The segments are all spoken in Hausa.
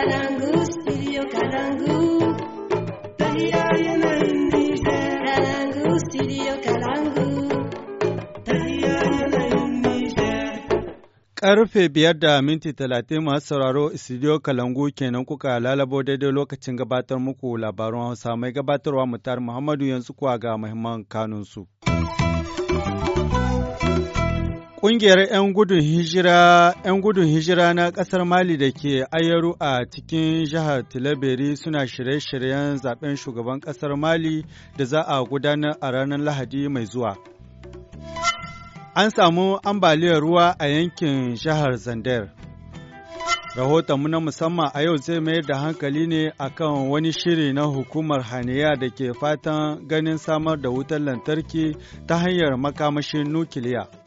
kalangu Karfe biyar da minti talatin masu sauraro studio Kalangu kenan kuka lalabo daidai lokacin gabatar muku labarun Hausa mai gabatarwa mutar Muhammadu yanzu kuwa ga muhimman kanunsu. Ƙungiyar 'yan gudun hijira 'yan gudun hijira na ƙasar Mali da ke Ayaru a cikin jihar Tilaberi suna shirye-shiryen zaben shugaban ƙasar Mali da za a gudanar a ranar Lahadi mai zuwa. An samu ambaliyar ruwa a yankin jihar Zander. Rahotonmu na musamman a yau zai mayar da hankali ne akan wani shiri na hukumar haniya da ke fatan ganin samar da wutar lantarki ta hanyar makamashin nukiliya.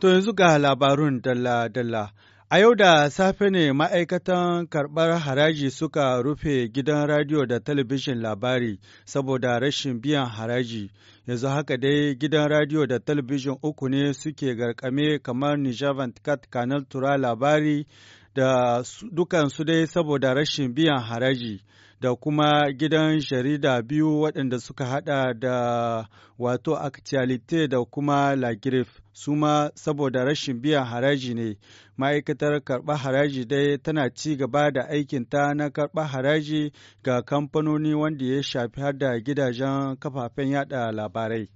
To yanzu ga labarun dalla-dalla. A yau da safe ne ma'aikatan karɓar haraji suka rufe gidan radiyo da talabijin labari saboda rashin biyan haraji. Yanzu haka dai gidan radiyo da talabijin uku ne suke garkame kamar Nijavan Kat Kanal Tura labari da dukansu dai saboda rashin biyan haraji. da kuma gidan jarida biyu waɗanda suka haɗa da wato Actualité da kuma La Griffe. su saboda rashin biyan haraji ne ma'aikatar karɓar haraji dai tana ci gaba da aikinta na karɓar haraji ga kamfanoni wanda ya shafi har da gidajen kafafen yada labarai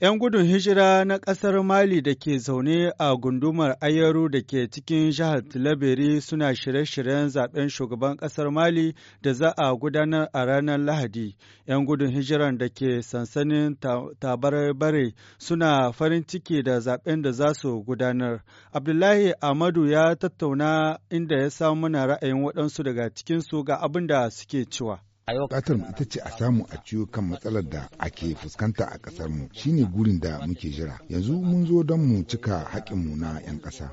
‘Yan gudun hijira na ƙasar Mali da ke zaune a gundumar Ayaru da ke cikin jihar Tilaberi suna shirye-shiryen zaben shugaban ƙasar Mali da za a gudanar a ranar Lahadi. ‘Yan gudun hijiran da ke sansanin tabarbare suna farin ciki da zaben da za su gudanar. Abdullahi Amadu ya tattauna inda ya samu mana ra'ayin waɗansu daga cikinsu ga abin da suke cewa. Bukatar mu ita ce a samu a ciyo kan matsalar da ake fuskanta a ƙasar mu shine gurin da muke jira. Yanzu mun zo don mu cika haƙƙin mu na 'yan ƙasa.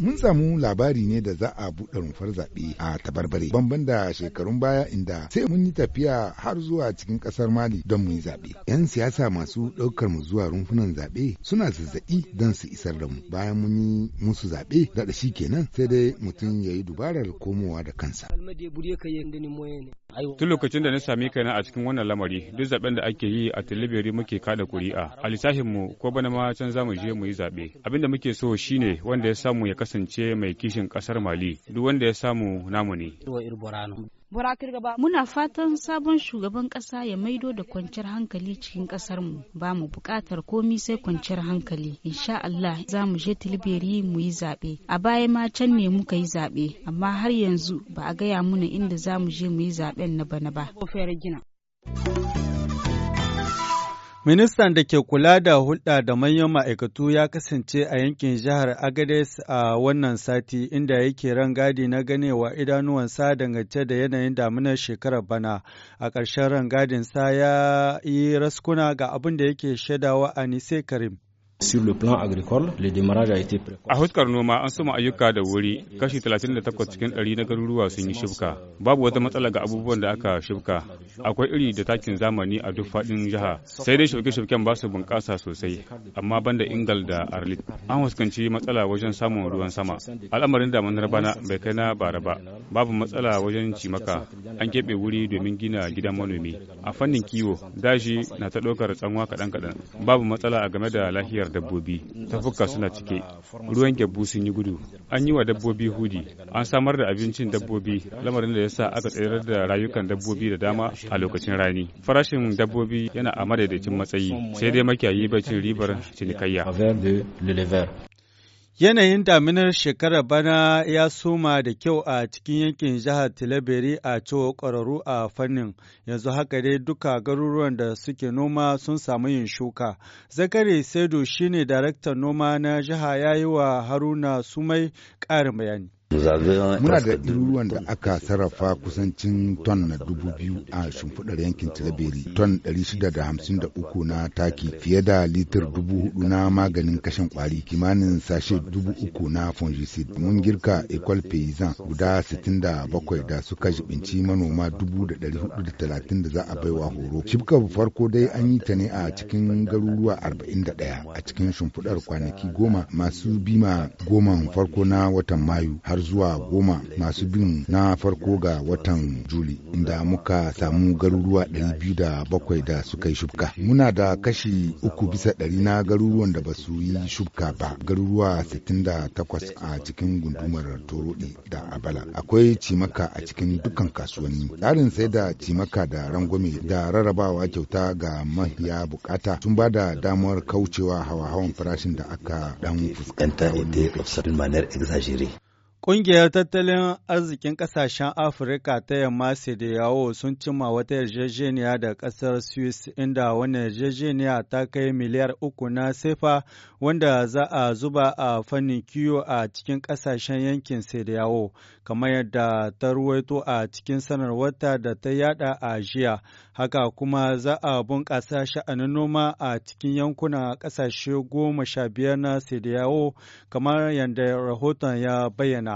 Mun samu labari ne da za a buɗe rumfar zaɓe a tabarbare banban da shekarun baya inda sai mun yi tafiya har zuwa cikin ƙasar Mali don mu yi zaɓe. 'Yan siyasa masu ɗaukar mu zuwa rumfunan zaɓe suna zazzaɓi don su isar da mu bayan mun yi musu zaɓe daɗa shi kenan sai dai mutum ya yi dubarar komowa da kansa. Tun lokacin da na sami kaina a cikin wannan lamari duk zaben da ake yi a Tilibiri muke kada kuri'a a lissafin mu ko bana ma can za mu je mu yi zabe da muke so shine wanda ya samu ya kasance mai kishin kasar Mali duk wanda ya samu namu ne. Muna fatan sabon shugaban ƙasa ya maido da kwanciyar hankali cikin ƙasarmu. Ba mu buƙatar komi sai kwanciyar hankali. Insha Allah za mu je Tilberi mu yi zaɓe. A baya ma can ne muka yi zaɓe, amma har yanzu ba a gaya muna inda za mu je mu yi zaɓen na bana ba. Ministan da ke kula da hulɗa da manyan ma'aikatu ya kasance a yankin jihar Agades a wannan sati inda yake rangadi na ganewa idanuwansa dangance da yanayin damunar shekarar bana. A ƙarshen rangadinsa ya yi raskuna ga abin da yake shaidawa a Nise Karim. Sur le plan agricole, le démarrage a été précoce. A noma an suma ayyuka da wuri, kashi 38 cikin 100 na garuruwa sun yi shibka. Babu wata matsala ga abubuwan da aka shibka. Akwai iri da takin zamani a duk faɗin jiha. Sai dai shibke-shibken ba su bunƙasa sosai, amma banda Ingal da Arlit. An fuskanci matsala wajen samun ruwan sama. Al'amarin mun bana bai kai na bara ba. Babu matsala wajen cimaka. An keɓe wuri domin gina gidan manomi. A fannin kiwo, daji na ta ɗaukar tsanwa kaɗan-kaɗan. Babu matsala a game da lahiyar dabbobi fuka suna cike ruwan gyabu sun yi gudu an yi wa dabbobi hudi an samar da abincin dabbobi lamarin da ya sa aka tsayar da rayukan dabbobi da dama a lokacin rani farashin dabbobi yana a madaidaicin matsayi sai dai makiyayi bacin ribar cinikayya Yanayin daminar shekarar bana ya suma da kyau a cikin yankin jihar Tilaberi a cewa ƙwararru a fannin, yanzu haka dai duka garuruwan da suke noma sun samu yin shuka. Zakari Saidu shine daraktan noma na jiha ya yi wa Haruna Sumai ƙarin bayani. Muna da ɗaruruwan da aka sarrafa kusancin ton na dubu biyu a shimfiɗar yankin Tilaberi, ton 653 na taki fiye da litir dubu hudu na maganin kashen kwari kimanin sashe dubu uku na fungicid Mun girka Ecole Paysan guda 67 da suka jibinci manoma dubu da ɗari hudu da talatin da za a baiwa horo. Shibka farko dai an yi ta ne a cikin garuruwa arba'in da ɗaya, a cikin shimfiɗar kwanaki goma masu bima goman farko na watan Mayu har zuwa goma masu bin na farko ga watan Juli, inda muka samu garuruwa 207 da suka yi shubka. Muna da kashi uku bisa ɗari na garuruwan da ba su yi shubka ba, garuruwa 68 a cikin gundumar Torodi da Abala. Akwai cimaka a cikin dukkan kasuwanni. Tsarin sai da cimaka da rangwame da rarrabawa kyauta ga mahiya bukata sun ba da damar kaucewa hawa-hawan farashin da aka dan fuskanta. Ƙungiyar tattalin arzikin ƙasashen Afirka ta yamma da yawo sun cimma wata yarjejeniya da ƙasar Swiss inda wani yarjejeniya ta kai miliyar uku na sefa wanda za a zuba a fannin kiwo a cikin ƙasashen yankin yawo kamar yadda ta ruwaito a cikin sanarwarta da ta yada a jiya. Haka kuma za a bunƙasa sha'anin noma a cikin yankuna ƙasashe goma sha biyar na yawo kamar yadda rahoton ya bayyana.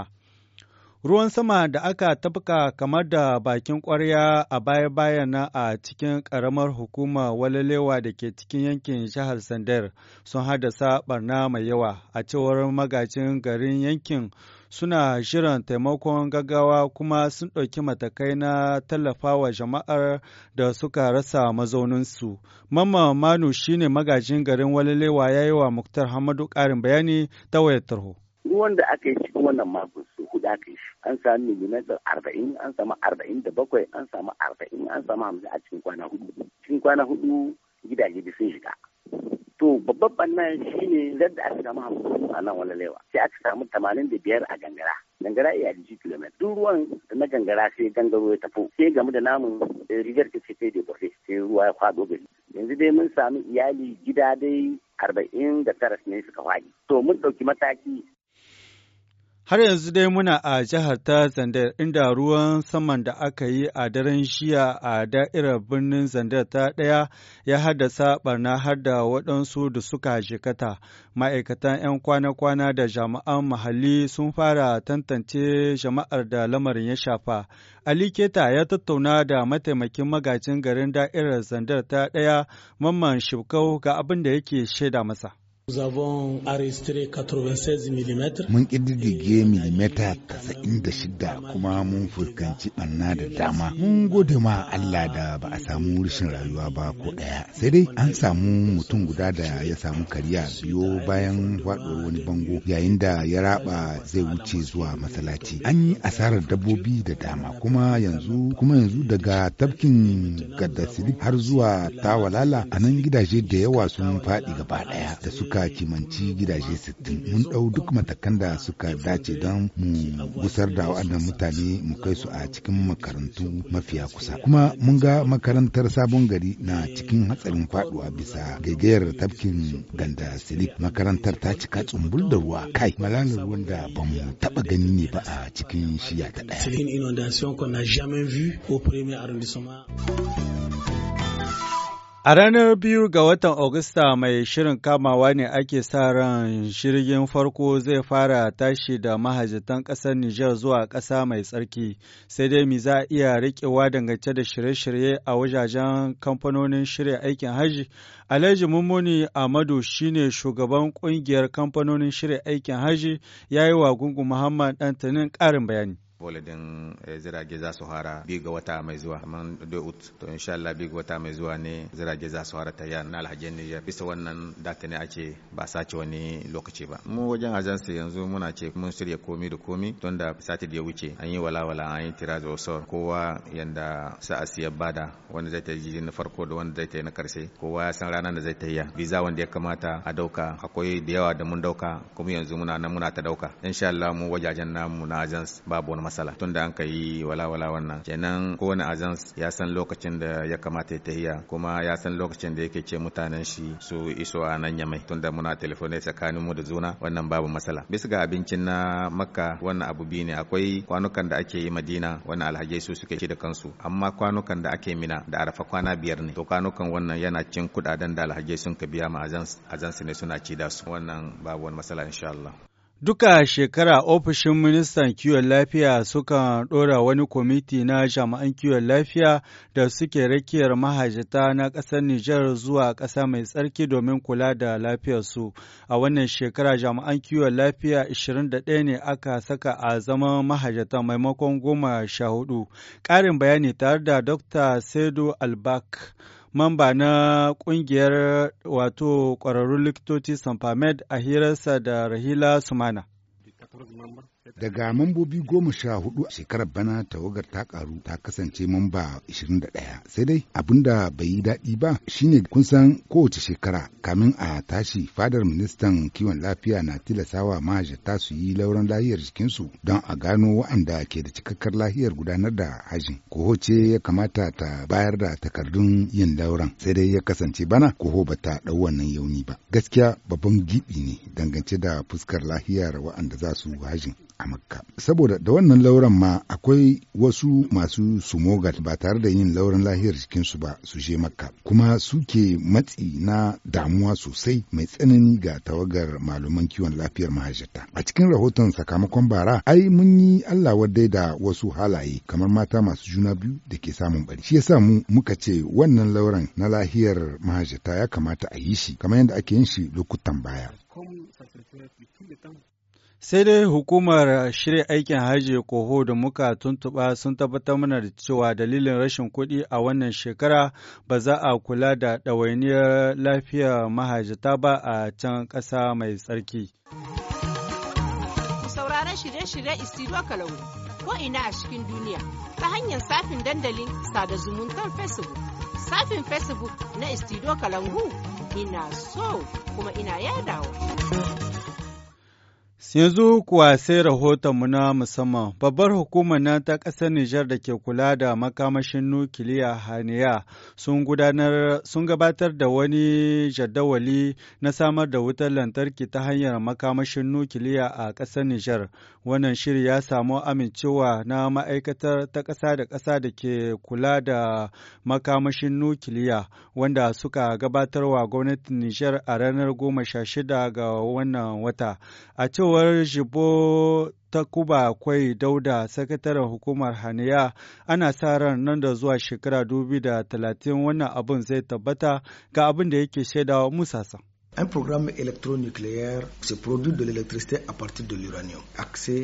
Ruwan sama da aka tafka kamar da bakin ƙwarya a baya-bayan nan a cikin ƙaramar hukuma walalewa da ke cikin yankin jihar Sandar sun haddasa barna mai yawa a cewar magajin garin yankin suna shirin taimakon gaggawa kuma sun ɗauki matakai na tallafawa jama'ar da suka rasa mazauninsu. Mamma Manu shine magajin garin walalewa ya yi wa Muktar Hamadu ƙarin bayani ta wayar tarho. ruwan da aka yi cikin wannan makon su hudu aka yi an sami milimetar arba'in an samu arba'in da bakwai an samu arba'in an samu hamsin a cikin kwana hudu cikin kwana hudu gidaje da sun shiga to babban bannan shine da aka samu hamsin a nan lewa sai aka samu tamanin da biyar a gangara gangara iya da kilomita duk ruwan na gangara sai gangaro ya tafi sai game da namun eh, rigar ta sai da bafe sai ruwa ya kwado gari yanzu dai mun sami iyali gida dai arba'in da tara ne suka faɗi to mun ɗauki mataki Har yanzu dai muna a jihar ta Zandar inda ruwan saman da aka yi a daren shiya a da'irar birnin Zandar ta ɗaya ya haddasa barna har da waɗansu da suka jikata. Ma'aikatan 'yan kwana-kwana da jama'an mahalli sun fara tantance jama'ar da lamarin ya shafa. Ali Keta ya tattauna da mataimakin magajin garin da'irar Zandar ta ɗaya Mamman Shibkau ga abin da yake shaida masa. Mun ƙididdige milimeta tasa'in da shida kuma mun fuskanci ɓanna da dama. Mun gode ma Allah da ba a samu rashin rayuwa ba ko ɗaya. Sai dai an samu mutum guda da ya samu kariya biyo bayan waɗo wani bango yayin da ya raba zai wuce zuwa masallaci. An yi asarar dabbobi da dama kuma yanzu kuma yanzu daga tafkin gadasiri har zuwa Tawalala a nan gidaje da yawa sun faɗi gaba ɗaya da suka suka kimanci gidaje 60 mun ɗau duk matakan da suka dace don mu gusar da waɗannan mutane mu kai su a cikin makarantu mafiya kusa kuma mun ga makarantar sabon gari na cikin hatsarin faduwa bisa gaigayar tafkin ganda silik makarantar ta cika tsumbul da ruwa kai malalar ruwan da ba mu taɓa gani ne ba a cikin shiya ta ɗaya. A ranar biyu ga watan Agusta mai shirin kamawa ne ake sa ran shirgin farko zai fara tashi da mahajjatan ƙasar Nijar zuwa ƙasa mai tsarki, sai dai za a iya riƙewa dangance da shirye-shirye a wajajen kamfanonin shirya aikin hajji. Alhaji Mummuni Amadu shine shugaban ƙungiyar kamfanonin shirya aikin hajji ya yi wa Gungun Muhammad Dantanin ƙarin bayani. waladin zirage eh, za su hara biyu ga wata mai zuwa da ut to insha Allah biyu ga wata mai zuwa ne zirage za su hara ta yan na alhajin Niger bisa wannan data ne ake ba sace wani lokaci ba mu wajen ajansi yanzu muna ce mun shirya komi da komi don da sati da ya wuce an yi walawala an yi tirazo sor kowa yanda sa asiyar bada wanda zai ta yi na farko da wanda zai ta yi na karshe kowa ya san ranar da zai ta yi visa wanda ya kamata a dauka akwai da yawa da mun dauka kuma yanzu muna nan muna ta dauka insha Allah mu wajajen namu na ajans babu wani matsala tun da an ka yi walawala wannan kenan kowane agents ya san lokacin da ya kamata ya tahiya kuma ya san lokacin da yake ce mutanen shi su iso a nan yamai tun da muna telefonai tsakanin mu da juna wannan babu masala. bisa ga abincin na makka wannan abu biyu ne akwai kwanukan da ake yi madina wannan alhaji su suke ci da kansu amma kwanukan da ake mina da arafa kwana biyar ne to kwanukan wannan yana cin kudaden da alhaji sun ka biya ma agents ne suna ci da su wannan babu wani matsala insha Allah Duka shekara ofishin ministan kiwon lafiya suka ɗora wani kwamiti na jami'an kiwon lafiya da suke rakiyar mahajata na ƙasar Nijar zuwa ƙasa mai tsarki domin kula da lafiyarsu. A wannan shekara jami'an kiwon lafiya 21 ne aka saka a zaman mahajata maimakon goma sha hudu. Ƙarin bayani tare da Dr. Sedu Albak. mamba na kungiyar wato ƙwararrun likitoci Sanfamed a hirarsa da Rahila Sumana. Daga mambobi goma sha hudu a shekarar bana tawagar ta karu ta kasance mamba 21 sai dai abin da bai yi daɗi ba shine kun san kowace shekara kamin a tashi fadar ministan kiwon lafiya na tilasawa mahajjata su yi lauran lahiyar jikinsu don a gano wa'anda ke da cikakkar lahiyar gudanar da hajin. Koho ce ya kamata ta bayar da takardun yin lauran sai dai ya kasance bana koho ba ta ɗau wannan yauni ba. Gaskiya babban giɓi ne dangance da fuskar lahiyar wa'anda za su hajin. a makka saboda da wannan lauran ma akwai wasu masu sumogal, ba tare da yin lauran lahiyar jikinsu ba su je makka kuma suke matsi na damuwa sosai mai tsanani ga tawagar malaman kiwon lafiyar mahajjata a cikin rahoton sakamakon bara ai mun yi allah wadai da wasu halaye kamar mata masu juna biyu da ke samun bari shi yasa mu muka ce wannan lauran na lahiyar mahajjata ya kamata a yi shi kamar yadda ake yin shi lokutan baya Sai dai hukumar shirya aikin hajji koho da muka tuntuɓa sun tabbatar mana da cewa dalilin rashin kuɗi a wannan shekara ba za a kula da ɗawainiyar lafiyar mahajata ba a can ƙasa mai tsarki. Sauraron shirye-shirye Isiro Kalau ko ina a cikin duniya ta hanyar safin dandalin sada zumuntar Facebook. Safin Facebook na Isiro Kalangu ina so kuma ina yadawa. Yanzu kuwa sai rahotonmu na musamman, babbar hukumar nan ta ƙasar Nijar da ke kula da makamashin nukiliya Haniya sun gabatar da wani jadawali na samar da wutar lantarki ta hanyar makamashin nukiliya a ƙasar Nijar. Wannan shiri ya samu amincewa na ma'aikatar ta ƙasa da ƙasa da ke kula da makamashin nukiliya wanda suka gabatarwa gwamnatin Nijar a ranar goma sha shida ga wannan wata. A cewar cewar Jibo ta Kuba Kwai Dauda, sakataren hukumar Haniya, ana sa ran nan da zuwa shekara da talatin wannan abin zai tabbata ga abin da yake shaidawa Musasa. Un programme électronucléaire se produit de l'électricité à partir de l'uranium.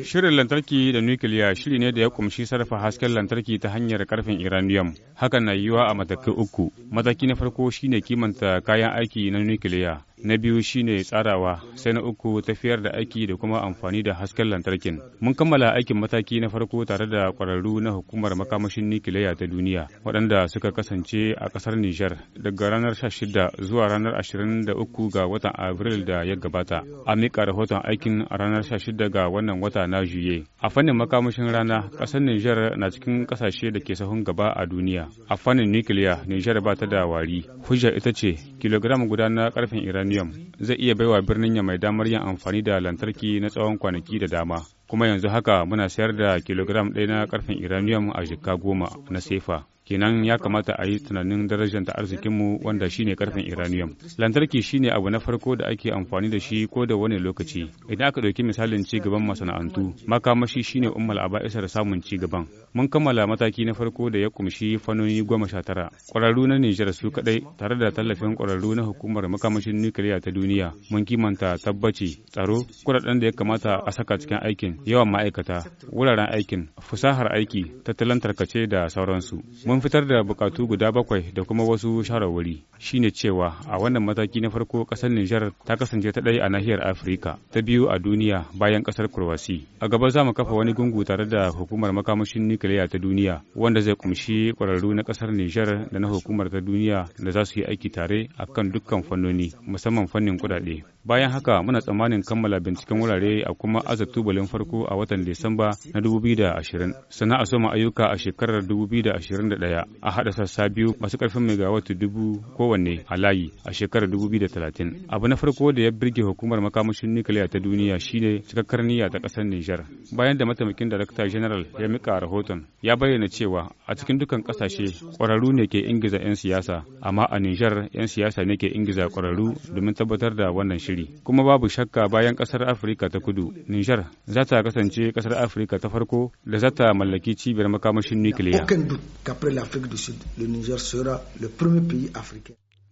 Shirin lantarki da nukiliya shiri ne da ya kumshi sarrafa hasken lantarki ta hanyar karfin uranium. Hakan na yiwuwa a matakai uku. Mataki na farko shine kimanta kayan aiki na nukiliya. na biyu shine tsarawa sai na uku tafiyar da aiki da kuma amfani da hasken lantarkin mun kammala aikin mataki na farko tare da kwararru na hukumar makamashin nikilaya ta duniya waɗanda suka kasance a ƙasar nijar daga ranar 16 zuwa ranar 23 ga watan abril da ya gabata a miƙa rahoton aikin a ranar 16 ga wannan wata na juye a fannin makamashin rana ƙasar nijar na cikin ƙasashe da ke sahun gaba a duniya a fannin nikiliya nijar ba ta da wari hujjar ita ce kilogram guda na ƙarfin irani uranium zai iya baiwa birnin ya mai damar yin amfani da lantarki na tsawon kwanaki da dama. Kuma yanzu haka muna sayar da kilogram ɗaya na karfin uranium a jikka goma na sefa. kenan ya kamata a yi tunanin darajar ta arzikinmu wanda shine karfin iranium lantarki shine abu na farko da ake amfani da shi ko da wani lokaci idan aka ɗauki misalin ci gaban masana'antu makamashi shine ummal aba'isar samun ci gaban mun kammala mataki na farko da ya kumshi fannoni goma sha tara ƙwararru na nijar su kaɗai tare da tallafin ƙwararru na hukumar makamashin nukiliya ta duniya mun kimanta tabbaci tsaro kuɗaɗen da ya kamata a saka cikin aikin yawan ma'aikata wuraren aikin fusahar aiki tattalin tarkace da sauransu mun fitar da buƙatu guda bakwai da kuma wasu shawarwari shine cewa a wannan mataki na farko ƙasar nijar ta kasance ta ɗaya a nahiyar afirka ta biyu a duniya bayan ƙasar kurwasi a gaba za mu kafa wani gungu tare da hukumar makamashin nukiliya ta duniya wanda zai kumshi kwararru na kasar Nijar da na hukumar ta duniya da za su yi aiki tare a kan dukkan fannoni musamman fannin kudade. Bayan haka muna tsammanin kammala binciken wurare a kuma aza tubalin farko a watan Disamba na 2020. Sana a soma ayyuka a shekarar 2021 a haɗa sassa biyu masu ƙarfin gawatu dubu kowanne a layi a shekarar 2030. Abu na farko da ya birge hukumar makamashin nukiliya ta duniya shine cikakkar niyya ta ƙasar Nijar. Bayan da mataimakin darakta general ya mika rahoton ya bayyana cewa a cikin dukkan ƙasashe ƙwararru ne ke ingiza 'yan siyasa amma a Nijar 'yan siyasa ne ke ingiza kwararru domin tabbatar da wannan shirin. shiri kuma babu shakka bayan kasar afirka ta kudu nijar za ta kasance kasar afirka ta farko da za ta mallaki cibiyar makamashin nukiliya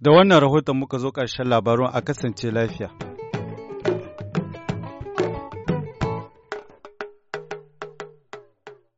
da wannan rahoton muka zo ƙarshen labarun a kasance lafiya